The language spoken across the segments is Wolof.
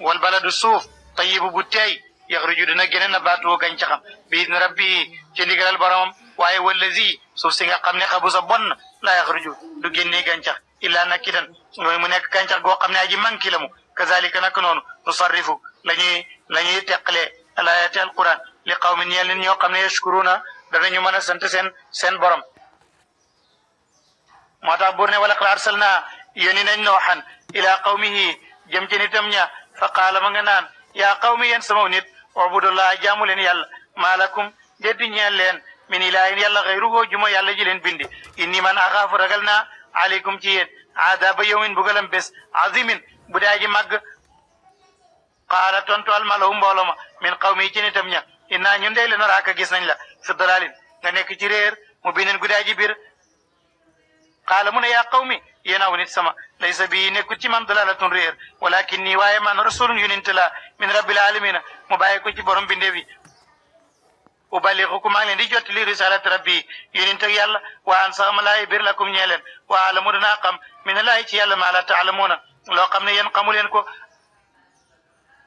wal baladu suuf tayibu bu teey yaxruju dina génne nabaatu gàncaxam bi idni rabbi ci ndigalal boromam waaye wallazi suuf si nga xam ne xabusa bon la yaxruju du génnee gàncax illaa nakidan mooy mu nekk gàncax goo xam ne aji manki la mu kazalika nak noonu nu sarrifu la ñuy la ñuy teqalee alayaati alquran li qawmi ñeel nit ñoo xam ne yashkuruna danañu mën a sant seen seen borom moo tax buur ne wala qad arsalna yónni nañ nooxan ila qawmihi jëm ci nitam ña fa qaala ma nga naan yaa qawmi yéen sama nit ubudullah jaamu leen yàlla maalakum deddu ñeel leen min ilaahin yàlla xayruhu juma yàlla ji leen bindi inni man axaafu ragal naa aleykum ci yéen aadaaba yowmin bugalam bés azimin bu daa ji màgg qaala tontu almalaw mbooloo ma min qawmi ci tam ña innaa ñun day la noraaka gis nañ la fi nga nekk ci réer mu binin gu bir qaala mu ne yaa qawmi yéen aw nit sama laysa bi nekkul ci man dalalatun réer walakin nii waaye man rasulun yonent la min rabbil alamina mu bàyyi ko ci borom bindéef yi ubalixukum maa ngi leen di jot li risalat rabbi yonent ak yàlla waa an ma laay bir lakum ñee leen waa alamu danaa xam min laay ci yàlla ma la taalamuuna loo xam ne yéen xamu leen ko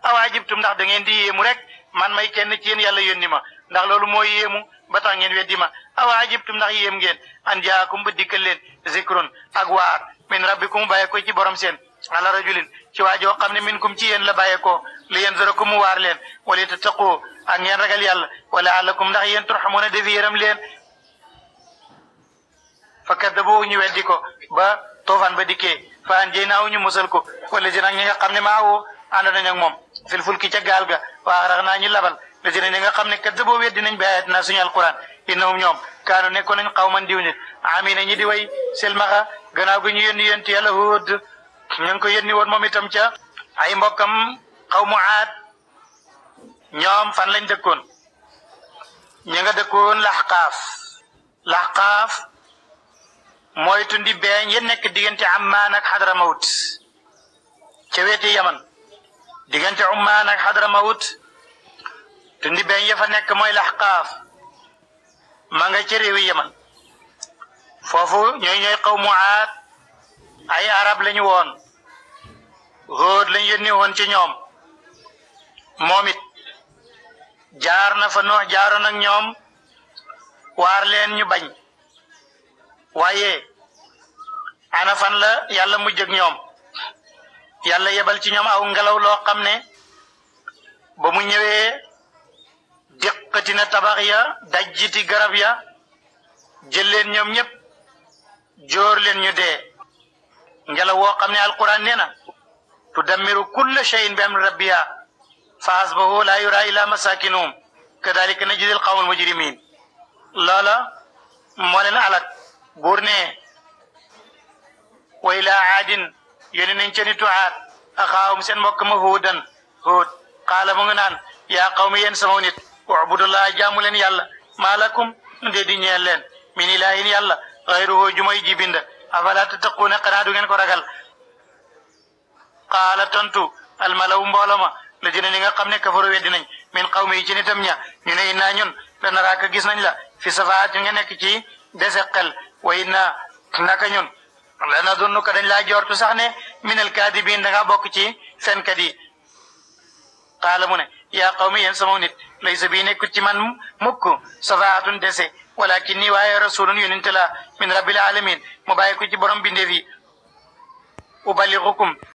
awaajibtum ndax da ngeen di yéemu rek man may kenn ci yéen yàlla yónni ma ndax loolu mooy yéemu ba tax ngeen weddi ma awa ajibtum ndax yéem ngeen an jaakum ba dikkal leen zikrun ak waar min rabbikum bàyyee ko ci borom seen ala rajulin ci waa joo xam ne minkum ci yéen la bàyyeekoo li yanzurakum mu waar leen wala tattaqoo ak ngeen ragal yàlla wala alakum ndax yéen turhamuuna defi yéram leen fa kaddabu ñu weddi ko ba toofaan ba dikkee fa an jeynaaw ñu musal ko wala jën ak nga xam ne maa woo ànd nañ ak moom fil fulki ca gaal ga lajëriñ ñi nga xam ne kat dëboo wet dinañ bi ayat naa suñu alquran innahum ñoom kaanu nekkoon nañ xaw man diw nit amina ñi di way silmaxa gannaaw gi ñu yónni yónti yàlla Huud ñu ngi ko yónni woon moom itam ca ay mbokkam xaw mu aat ñoom fan lañ dëkkoon ña nga dëkkoon laxqaaf laxqaaf mooy tundi beeñ ya nekk diggante Ammaan ak Hadramawut ca weeti Yaman diggante Ammaan ak Hadramawut tundi benn ya fa nekk mooy laxqaaf ma nga ci réewi yaman foofu ñooy ñooy xaw mu aat ay arab lañu woon Hóod lañ yónni woon ci ñoom moom it jaar na fa noox jaaroon ak ñoom waar leen ñu bañ waaye ana fan la yàlla mujj ak ñoom yàlla yebal ci ñoom aw ngelaw loo xam ne ba mu ñëwee déqati na tabax ya dajjiti garab ya jël leen ñoom ñëpp joor leen ñu dee ngelaw woo xam ne alquran nee na tudammiru kulla shay'in bi amri rabbiha fa asbahu laa yura illa masakinuhum kadalika najzi al qawmal mujrimin loola moo leen alak buur ne wa ila aadin yónni nañ ca nitu aad axaawum seen mbokk ma huudan huud qaala mu ngi naan yaa qawmi yéen sama nit wa abudullah jaamu leen yàlla maalakum nde di ñeel leen min ilaahin yàlla xayruhu jumay ji bind afala tattaquuna xanaa du ngeen ko ragal qaala tontu almalaw mboolo ma la dina ni nga xam ne kafaru weddi nañ min xawmi yi ci ña ñu ne innaa ñun la naraaka gis nañ la fi safaat ñu nga nekk ci dese xel wa innaa naka ñun la na dunnu ka dañ laa joortu sax ne minal kaadibiin da nga bokk ci seen kat yi qaala mu ne yaa qawmi yéen sama nit laysa bii nekkul ci man mukk safaatun dese walakin nii waaye rasulun yonente la min rabbil alamin mu bàyyi ko ci borom bindéef yi uballigukum